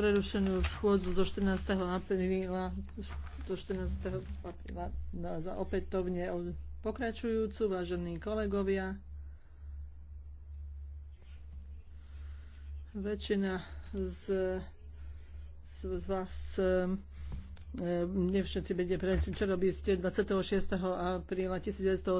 prerušenú schôdzu do 14. apríla, do 14. apríla no, za opätovne pokračujúcu, vážení kolegovia. Väčšina z, z vás e, e, nevšetci vedie, čo robí ste 26. apríla 1980.